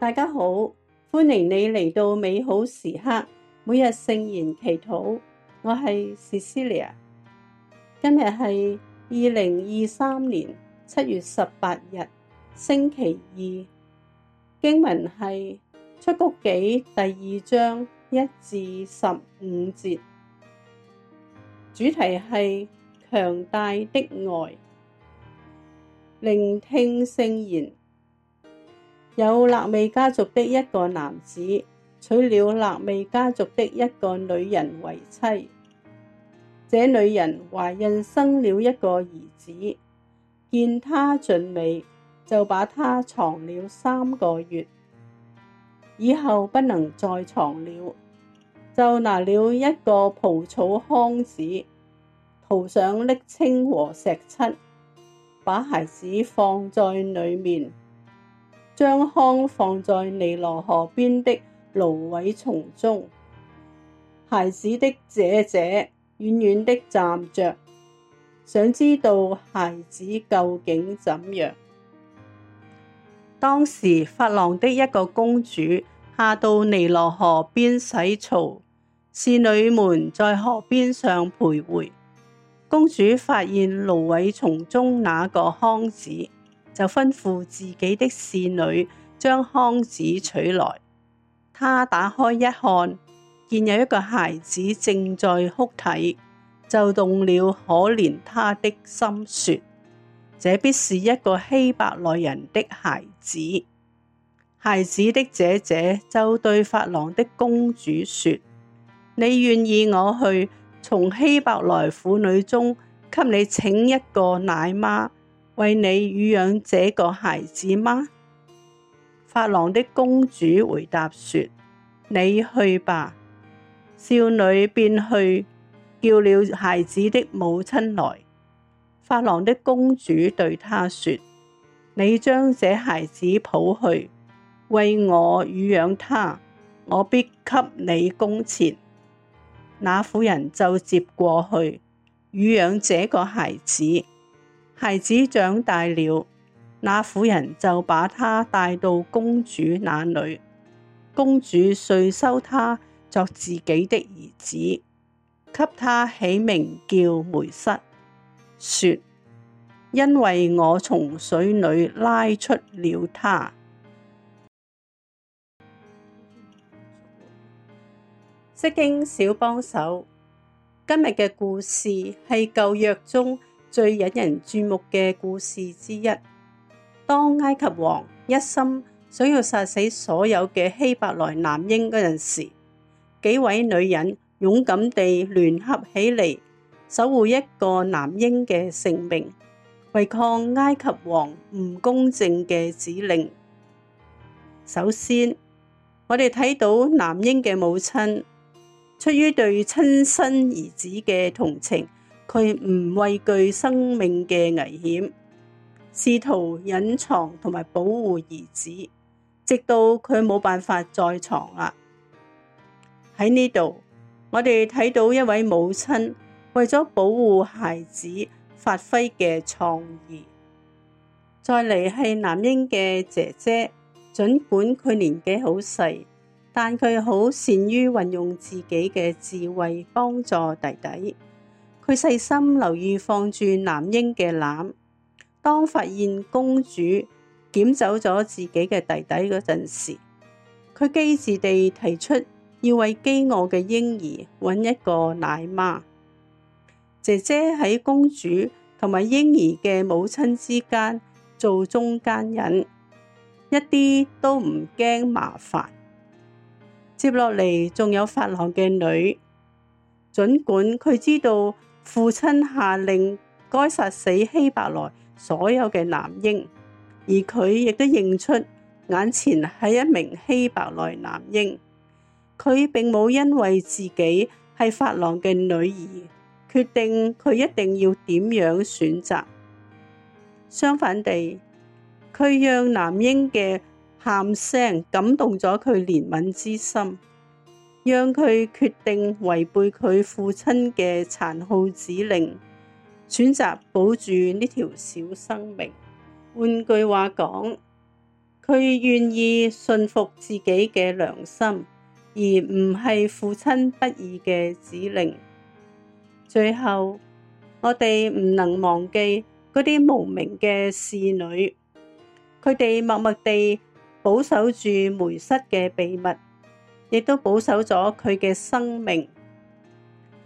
大家好，歡迎你嚟到美好時刻每日聖言祈禱。我係 Cecilia，今日係二零二三年七月十八日星期二，經文係出谷記第二章一至十五節，主題係強大的愛，聆聽聖言。有肋未家族的一個男子娶了肋未家族的一個女人為妻，這女人懷孕生了一個兒子，見他俊美，就把他藏了三個月，以後不能再藏了，就拿了一個蒲草筐子，塗上瀝青和石漆，把孩子放在裏面。將筐放在尼羅河邊的蘆葦叢中，孩子的姐姐遠遠的站着，想知道孩子究竟怎樣。當時，法郎的一個公主下到尼羅河邊洗澡，使女們在河邊上徘徊。公主發現蘆葦叢中那個筐子。就吩咐自己的使女將筐子取來，他打開一看，見有一個孩子正在哭啼，就動了可憐他的心，說：這必是一個希伯來人的孩子。孩子的姐姐就對法郎的公主說：你願意我去從希伯來婦女中給你請一個奶媽？為你乳養，養這個孩子嗎？法郎的公主回答說：你去吧。少女便去叫了孩子的母親來。法郎的公主對她說：你將這孩子抱去，為我乳養，養他，我必給你工錢。那婦人就接過去乳養，養這個孩子。孩子長大了，那婦人就把他帶到公主那裏，公主遂收他作自己的兒子，給他起名叫梅瑟，說：因為我從水裏拉出了他。釋經小幫手，今日嘅故事係舊約中。最引人注目嘅故事之一，當埃及王一心想要殺死所有嘅希伯來男嬰嗰陣時，幾位女人勇敢地聯合起嚟，守護一個男嬰嘅性命，違抗埃及王唔公正嘅指令。首先，我哋睇到男嬰嘅母親，出於對親生兒子嘅同情。佢唔畏懼生命嘅危險，試圖隱藏同埋保護兒子，直到佢冇辦法再藏啦。喺呢度，我哋睇到一位母親為咗保護孩子發揮嘅創意。再嚟係男嬰嘅姐姐，儘管佢年紀好細，但佢好善於運用自己嘅智慧幫助弟弟。佢細心留意放住男嬰嘅籃，當發現公主撿走咗自己嘅弟弟嗰陣時，佢機智地提出要為飢餓嘅嬰兒揾一個奶媽。姐姐喺公主同埋嬰兒嘅母親之間做中間人，一啲都唔驚麻煩。接落嚟仲有法郎嘅女，盡管佢知道。父親下令該殺死希伯來所有嘅男嬰，而佢亦都認出眼前係一名希伯來男嬰。佢並冇因為自己係法郎嘅女兒，決定佢一定要點樣選擇。相反地，佢讓男嬰嘅喊聲感動咗佢憐憫之心。讓佢決定違背佢父親嘅殘酷指令，選擇保住呢條小生命。換句話講，佢願意順服自己嘅良心，而唔係父親不義嘅指令。最後，我哋唔能忘記嗰啲無名嘅使女，佢哋默默地保守住梅瑟嘅秘密。亦都保守咗佢嘅生命。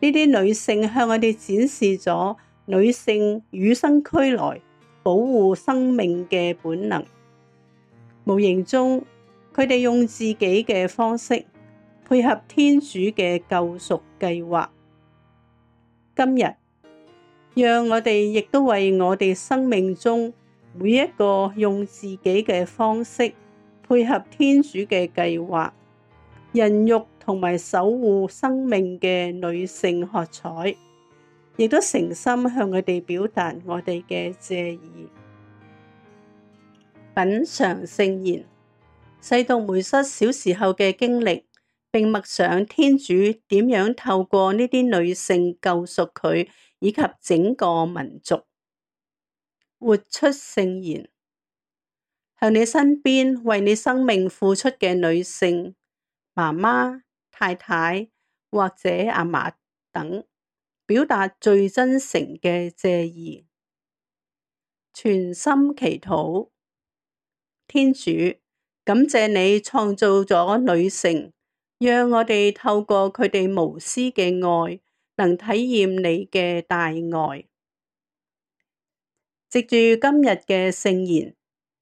呢啲女性向我哋展示咗女性與生俱來保護生命嘅本能。無形中，佢哋用自己嘅方式配合天主嘅救贖計劃。今日，讓我哋亦都為我哋生命中每一個用自己嘅方式配合天主嘅計劃，孕育同埋守護生命嘅女性喝彩，亦都誠心向佢哋表達我哋嘅謝意。品嚐聖言，細讀梅瑟小時候嘅經歷，並默想天主點樣透過呢啲女性救贖佢以及整個民族，活出聖言。向你身邊為你生命付出嘅女性。媽媽、太太或者阿嫲等，表達最真誠嘅謝意，全心祈禱，天主，感謝你創造咗女性，讓我哋透過佢哋無私嘅愛，能體驗你嘅大愛。藉住今日嘅聖言。